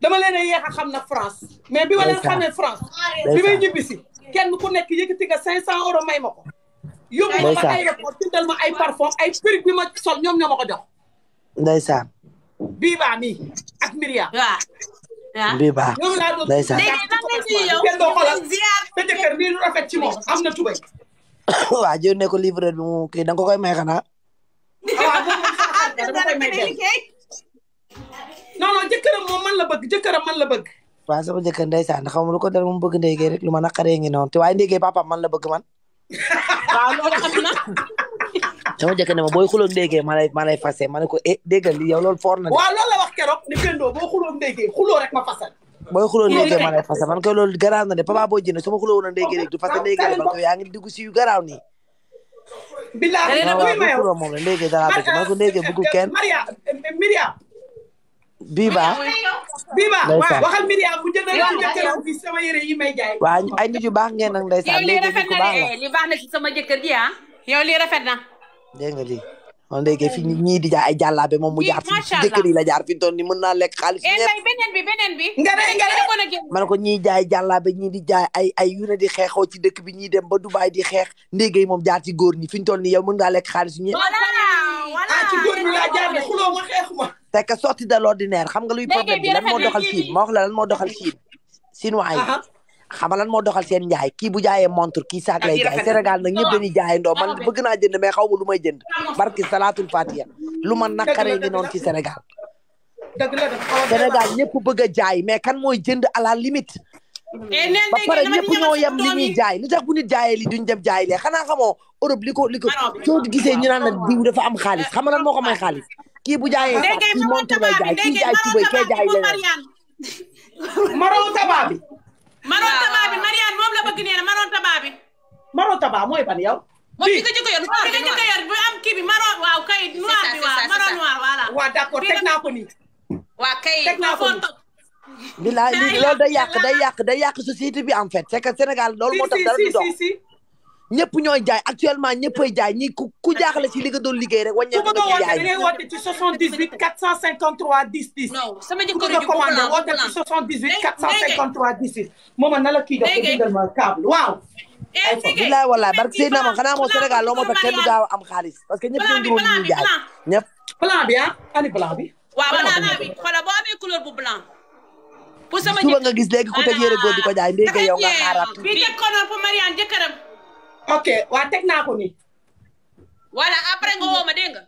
dama leen a a xam na France mais bi ma leen xamee France bi may ñibbi kenn ku nekk yëkkati nga cinq cent euros may ma yóbbu ma ma aéroport ay parfum ay perruque bi ma sol ñoom ñoo ma ko jox ndeysaan bii baa mii ak Myriam waaw baa ndeysaan kenn doo xoolal sa jëkkër nii ne ko livre bi mu kii koy may xanaa ah, waaw ah, dama koy non non jëkkëram moom man la bëgg jëkkëram man la bëgg. waaw sama jëkkër ndeysaan xam nga lu ko dal moom bëgg ndéygee rek lu ma naqaree ngi noonu te waaye ndéygee papa man la bëgg man. waaw loolu xam na. sama jëkkër ne ma booy xuloon ndéygee ma lay ma fase ma ne ko eh déggal li yow na. waaw loolu la wax keroog man ko loolu garaaw na de papa boo jënd su ma xuloo woon ndéygee fase ndéygee man ko yaa ngi dugg si yu garaaw nii. bilaa moom la dara bëgg man ko Biba. waxal Miriam bu jëndee bu jëkkëram bi ay nit yu baax ngeen nag ndeysaan léegi jëkkër ji ah. yow lii rafet na. dégg nga lii man léegi fi ñii di jaay ay jàllaabe moom mu jaar ci jëkkër yi la jaar fi doon ni mën naa lekk xaalis eh, ñëpp beneen bi nga ne nga ne man ko ñii jaay jàllaabe ñii di jaay ay ay yu ne di xeexoo ci dëkk bi ñii dem ba Dubaay di xeex ndéegéey moom jaar ci góor ñi fi ñu toll ni yow mën ngaa lekk xaalis ñëpp ah, ñi c'est que sorti de l'ordinaire xam nga luy problème bi lan moo doxal Chine ma wax la lan moo doxal Chine chinois yi xam nga lan moo doxal seen njaay kii bu jaayee montre kii saak lay Sénégal na ñëpp dañuy jaay ndoo man ah, bëgg naa jënd mais xaw ma lu may jënd barki salaatul fatiha lu ma naqaree ngi noonu ci Sénégal Sénégal ñëpp bëgg a jaay mais kan mooy jënd à la limite Mm-hmm. Eh, ba pare ñëpp ñoo yem li ñuy jaay li tax bu nit jaayee li duñ dem jaay lee xanaa xamoo Europe li ko li ko ah soo gisee ñu naan nag diw dafa am xaalis xam nga lan moo ko may xaalis kii bu jaayee sax kii montre lay jaay kii jaay tubay jaay leneen maroon taba bi maroon taba bi Mariane ma la bëgg nee na maroon taba bi maroon taba mooy ban yow moom naa ko nii waaw kay teg naa ko nii bilaay lii loolu day yàq day yàq day yàq société bi en fait c'est que Sénégal loolu moo tax dara du dox ñëpp ñooy jaay actuellement ñëppay jaay ku ku jaaxle ci li nga doon liggéey rek wàññeeku ma woote la kii jox ko bindal ma moo Sénégal loo moo tax kenn du am xaalis parce que ñëpp ñoo ngi doon ñuy jaay ñëpp. Ah. bu sama suba nga gis léegi ku teg yére ko jaay ndéy yow nga xaarat bi jëkkoonoon fa Mariane ok waa teg naa ko nii voilà après nga woo ma dégg nga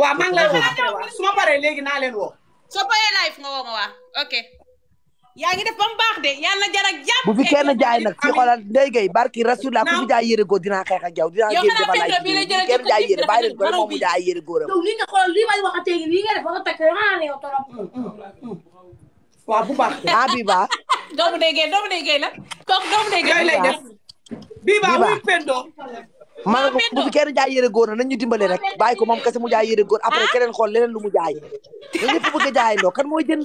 waaw maa ngi lay woo ma paree léegi naa leen woo soo paree live nga woo ma waa ok yaa ngi def ba mu baax de yàlla jar ak jàpp bu fi kenn jaay nag fi xoolal ndey gay barki rasul la ku fi jaay yére góor dinaa xeex ak yow dinaa génn dafa waaw bu baax Habiba. Ah, doomu déggee doomu déggee la. kooku doomu déggee yooyu lay def. Biba muy Pendo. maa ngi ko jaay yére góor na nañu ñu dimbale rek bàyyi ko moom kese mu jaay yére góor après ah. keneen xool leneen lu mu jaay ñu ñëpp bëgg jaay ndoo kan mooy jënd.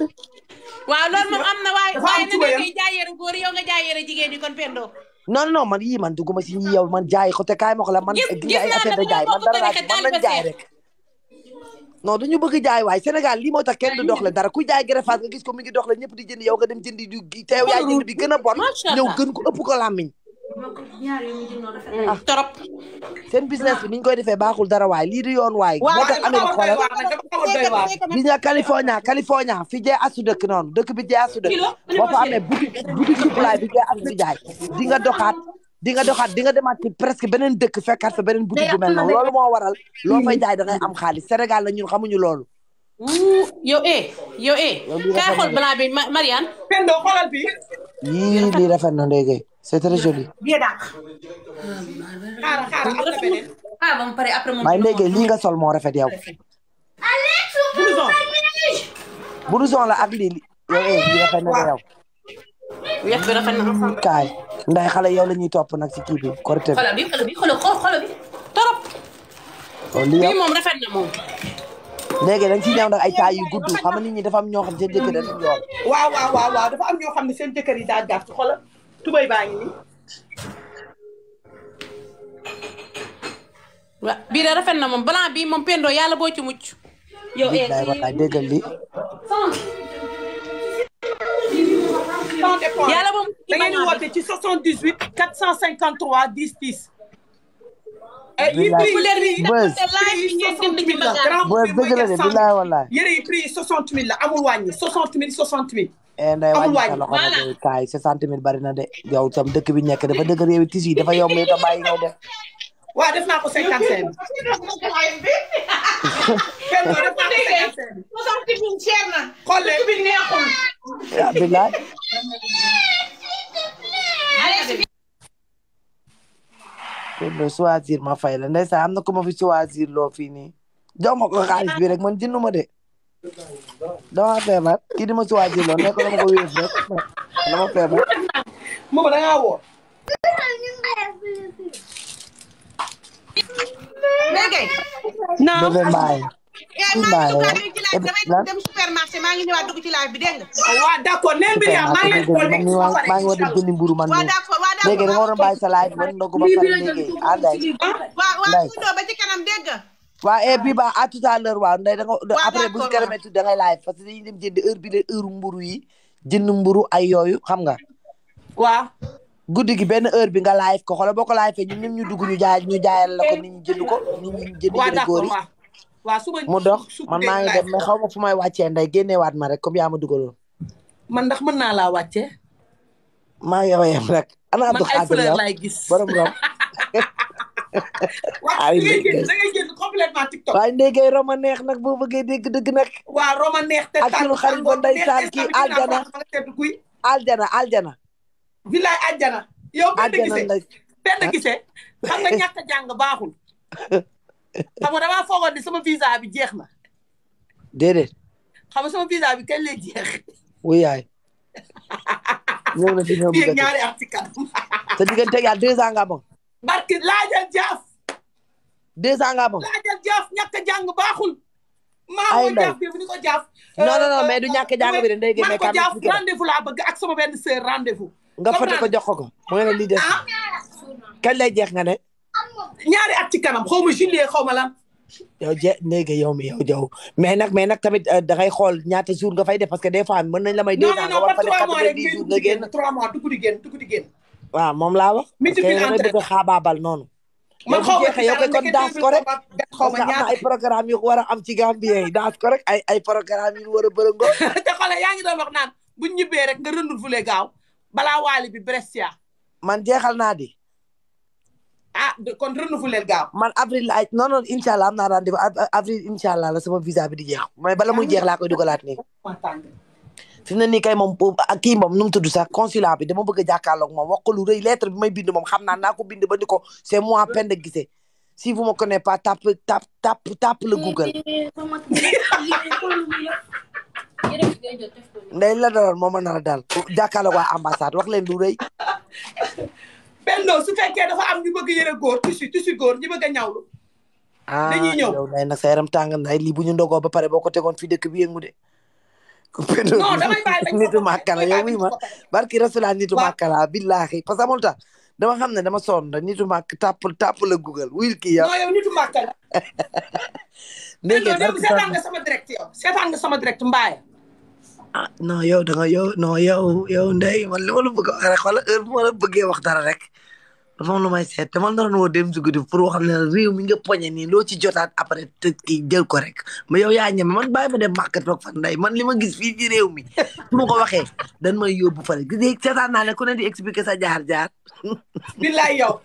waaw loolu moom am na waaye waaye na ngay jaay yére góor yow jaay yére jigéen kon Pendo. non man yii man dugguma si ñi yow man jaay ko te kaay ma man. gis gis naa la bokk man dara jaay rek. non dañu bëgg jaay waay Sénégal lii moo tax kenn du doxle dara ku jaay greffage nga gis ko mi ngi doxle ñëpp di jënd yow nga dem jëndi du teew yaay jënd a bon ñëw gën ko ëpp ko làmmiñ ah. torop seen business bi ni ñu koy defee baaxul dara waay lii di yoon waay moo tax Amérique xoolal gis nga California California fi jee asu dëkk noonu dëkk bi jee asu dëkk boo fa amee boutique boutique supply bi jee asu jaay di nga di nga doxaat di nga demaat presque beneen dëkk fekkaat fa beneen boutique bu mel noonu loolu moo waral loo fay jaay da am xaalis Sénégal la ñun xamuñu loolu yow eh yow eh kaay xool balaa lii rafet na ndéygay c'est très joli bien dàq xaaral ah, lii nga sol moo rafet yow blouson blouson la ak lii yow eh lii rafet na yow weex bi rafet na. kaay ndax xale yow la ñuy topp nag si kii bi Korité bi. xoolal bi xoolal bi xoolal bi oh, moom rafet na moom. léegi dañ ciy ñëw nag ay taay yu gudd xam nga nit ñi dafa am ñoo xam ne seen jëkkër dañu ñool. waaw waaw ñoo xam ne seen jëkkër yi daa gàtt xoolal tubay baa ngi nii. waaw bii de rafet na moom blanc bi moom pendoo yàlla boo ci mucc. yow eh déggal li sans dépense yàlla moom da ngeen woote ci 78 453 10 10. li la yére yi prix 60 000 la amul wàññi 60 000 60 000. nday wàññi sa loxo nag kaay 60 000 bari na de yow sam dëkk bi nekk dafa dëgg réew tis yi dafa yomb yi ta bàyyi nga def def naa ko 55 kenn bi neexul ah, loolu choisir ma fay la ndeysaan am na ku ma fi choisir loo fii nii ko xaalis bi rek man jëndu ma de dama feebar kii di ma choisir loo nekk dama ko wéer rek dama feebar moom da ngaa woor bébé mbaay eh, mbaay dem supermarché maa ngi ñëwaat dugg ci live bi dégg nga oh, waaw d'accord neen bi maa ngi war a jëndi mburu man léegi eh, da nga war sa laaj mën na ko ba pare léegi ah Ndeye Ndeye. waaw et puis ba à tout à l'heure waaw da nga après bu ñu kanamee tuuti da ngay laaj parce que dañuy dem jënd heure bi la heure mburu yi jënd mburu ay yooyu xam nga. waaw. gi benn heure bi nga live ko xoolal boo ko live fee ñun ñu dugg ñu jaay ñu jaayal la ko nit ñi jënd ko nit ñi jënd góor yi mu dox man maa dem mais xaw ma fu may wàccee nday génneewaat ma rek comme yaa ma dugaloon. man mën naa laa wàccee. maa ngi koy yem rek. ana Abdou Xaadir yow borom rom. waaye ndéggéey Roma neex nag boo bëggee dégg dëgg nag. waaw Roma neex te. ak sunu xarit ba aljana aljana aljana. aljana. yow benn gisee benn gisee xam a jàng baaxul. xam nga damaa foogoon ni sama visa bi jeex na. déedéet. xam nga sama visa bi kañ jeex. wuyaay. ñëw na ci ñëw bi ñaari at ci kanam. sa diggante yaa deux ans nga amoon. barki laajal jaaf. deux ans nga amoon. laajal jaaf a jàng baaxul. ay ndaw maa ngi ko jaaf bi non euh, du ñàkk a jàng bi de ndey ko jaaf rendez-vous laa bëgg a sama benn sœur rendez-vous. nga fote ko jox ko ko mu ne lii des. kañ jeex nga ne. ñaari at ci kanam xaw ma xaw ma lan. yow je néega yow mi yow jaw mais nag mais nag tamit euh, da ngay xool ñaata jour nga fay def parce que des fois mën nañ la may. deux ans nga war fa def quatre trois mois dugg di génn dugg waaw moom laa wax. parce que yow bëgg a xaabaabal noonu. man xaw ma yow kay kon daas ko rek parce que am na ay programme yu war am ci Gambien yi daas ko rek ay programme yu war a bërëngoo. te xoolal yaa ngi doon wax naan bu ñu ñibbee rek nga rëndul fule gaaw balaa waali bi Brescia. man jeexal naa di. ah kon renouveler man avril la non non am naa rendez-vous avril incha la sama visa bi di jeex mais bala muy jeex laa koy dugalaat nii. fi nii kay moom a kii moom nu mu tudd sax consulat bi dama bëgg a jàkkaarloog moom lu rëy lettre bi may bind moom xam naa naa ko bind ba ni ko c'est moi peine de gisee si vous me connaissez pas tap tap tap tap le Google. ndey daloon moo ma nar a daal jàkkaarloog waa ambassade wax leen lu Benno su fekkee dafa am ñu bëgg yëre góor tissu tissu góor ñu bëgg a ñawlu. Ah, dañuy ah yow nay nag sa yaram tàng nay lii bu ñu ndogoo ba pare boo ko tegoon fii dëkk bi yëngu de. non damay bàyyi nitu màkkala yow wi ma barki rasulaa nitu màkkala billaahi parce que amul tax dama xam ne dama sonn da nitu màkk tàpp tàpp la google wil kii yow non yow nitu ah non yow da nga yow non yow yow Ndeye man li ma la bëgg rek wala heure bu bëggee wax rek dafa am lu may seet te man naroon woo dem si guddi pour wax ne réew mi nga poñe nii loo ci jotat après te kii jël ko rek ma yow yaa ñeme man bàyyi ma dem màkk toog fan nday man li ma gis fii ci réew mi su ma ko waxee dan may yóbbu fa rek gis seetaan naa ne ku ne di expliquer sa jaar-jaar. billaay yow.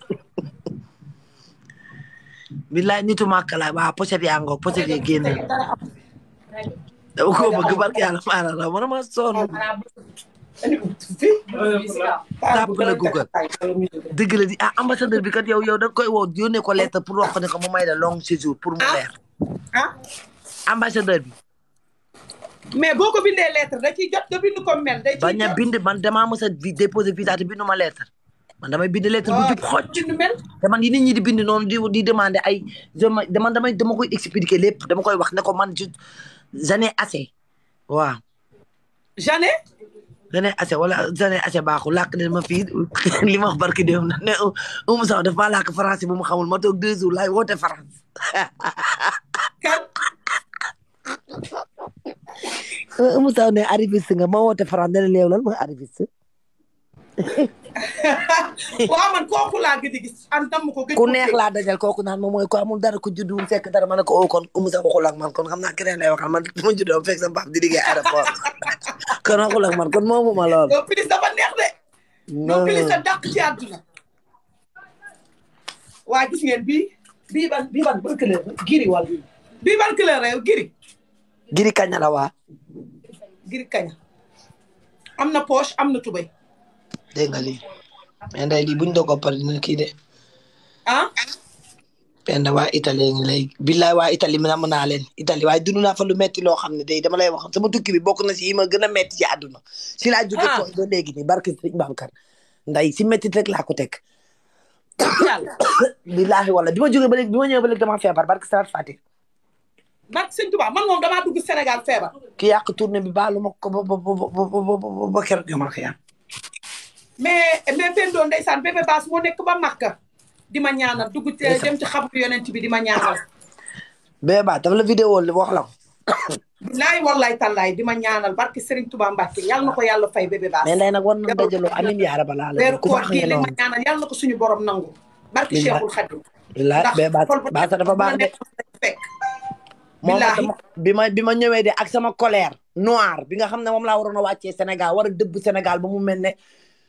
billaay nitu màkk la waaw pochette yaa ngoog pochette yi dama ko bëgg barke yàlla maanaam la man ma sonn. tàpp la google dëgg la ambassadeur bi kat yow yow da nga koy woo yónnee ko lettre pour wax ko ne ko mu may la long séjour pour mu leer. ah ambassadeur bi. mais boo ko bindee lettre da ciy jot nga bind ko mel. a bind man damaa mos a déposé visa te bindu ma lettre. man damay bind lettre bu jub xoj te man yi nit ñi di bind noonu di di demander ay je man damay dama koy expliquer lépp dama koy wax ne ko man. Janet Assé waaw. Janet. Janet Assé wala Janet Assé baaxu làkk ne ma fii li ma wax barki dem na ne Oumou Sow dafa làkk français xamul ma toog deux jours laay woote France. Oumou Sow ne arriviste ma woote France ne la léew lan ma arriviste. waaw man kooku laa gëj a gis an tam ko gëj ku laa dajal kooku naan moom mooy ko amul dara ku judduwul fekk dara ma ne ko oo oh, kon umu sax waxul ak man kon xam naa keneen lay waxal man ma juddoom fekk sama baab di liggéey aéroport kon waxul ak man kon moomu ma lool yow pilis dafa neex de yow pilis a dàq ci àdduna waa gis ngeen bii bii ban giri wala bii ban giri kaña la waa giri kaña am na poche am na tubay dégg nga lii mais nday lii buñ dogo kii de. ah. benn waa Italie ngi lay billaay waa Italie mi namm naa leen Italie waaye dund naa fa lu metti loo xam ne day dama lay wax sama tukki bi bokk na si yi gën a metti ci àdduna. si laa jóge ko ba léegi nii barke Sëñ Babacar nday si metti rek laa ko teg. billaahi wala bi ma ba léegi bi ma ba léegi dama feebar barke Salat Fatih. barke Sëñ Tuubaa man moom damaa dugg Sénégal feebar. ki yàq tournée bi baalu ma ko ba ba ba ba mais mais fen doon ndeysaan bébé baas moo nekk ba Makka di ma ñaanal dugg ci dem ci xabru yonent bi di ma ñaanal. bébé baas dafa la vidéo wax la ko. bilaay wallaay tallaay di ma ñaanal barke Serigne Touba Mbacke yal na ko yàlla fay bébé baas. mais nag war na dajaloo amiin yaa rabbal aalamiin ku baax ngeen ma ñaanal yal na ko suñu borom nangu. barke Cheikhul Khadim. bilaay bébé baas dafa baax de. moom bi ma bi ma ñëwee de ak sama colère noire bi nga xam ne moom laa waroon a wàccee Sénégal war dëbb Sénégal ba mu mel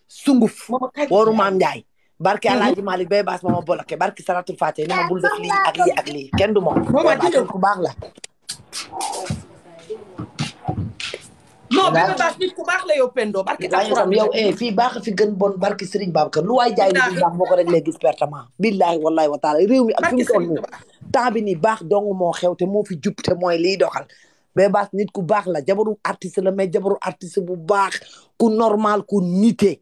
sunguf. wooru maam Ndiaye. barke mm-hmm. Alaaji Malick bay baas ma ma boloké barke Saratul Faté ni ma bul def lii ak lii ak lii kenn du moom. mooma baax la. non Bébé Baas nit ku baax la yow Pendo barke. Eh, fii baax fi gën bon barke Serigne Babacar lu waay jaay lu baax moo ko réew mi ak bi nii baax dong moo xew moo fi jub mooy liy doxal. Bébé Baas nit ku baax la jabaru artiste la mais jabaru artiste bu baax ku normal ku nité.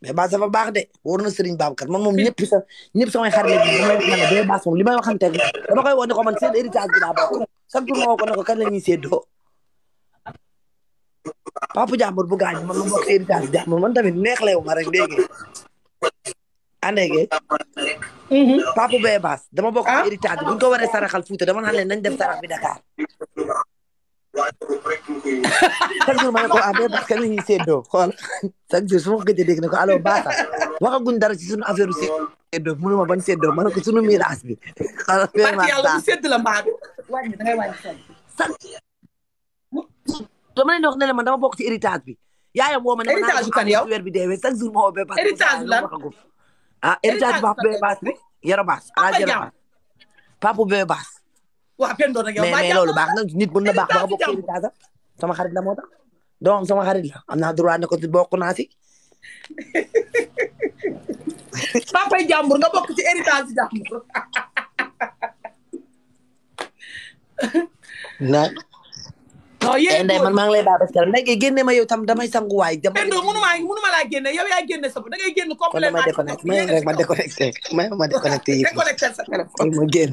mais Bass dafa baax de wóor na Serigne Babacar man moom ñëpp sa ñëpp samay xarit lañ Bass ma li may waxanteeg dama koy woo ne ko man seen héritage bi laa bokk chaque jour ma ko ne ko kan la ñuy séddoo papa jàmbur bu gaañ ma bokk héritage jàmbur man tamit neex la yow ma rek dégg andege mhm. papa bee Bass dama bokk ah? héritage bi bu ñu ko waree saraxal Fuuta dama naan leen nañ def sarax bi Dakar chaque jour ma ne ko ah parce que ñuy séddoo xool chaque jour su ma ko gëj a dégg ne ko dara ci sunu affaire séddoo mënuma bañ séddoo ma ne ko sunu miraas bi. xool vraiment yàlla bu sédd la mbaa bi wàññi da ngay wàññi bi. yaayam woo ma ne ma ma woo bee baas. héritage lan ah héritage bu baax bee baas bi yero baas. ah yero baas papu bee baas. waa Pendo nag yow mais baax na nit mën na baax ba nga bokk ci Casa sama xarit la moo tax sama xarit la am naa droit ne ko bokk naa si. papay jàmbur a bokk ci héritage jàmbur. na. non yéen eh, lay baax parce que nday ngay génne ma yow tam damay sanguwaay. damay Pendo mënu maa mënu ma laa génne yow yaa génne sa na ngay génne complètement. kon damay déconnecté ma déconnecté ma déconnecté yi. déconnecté sa téléphone ma génn.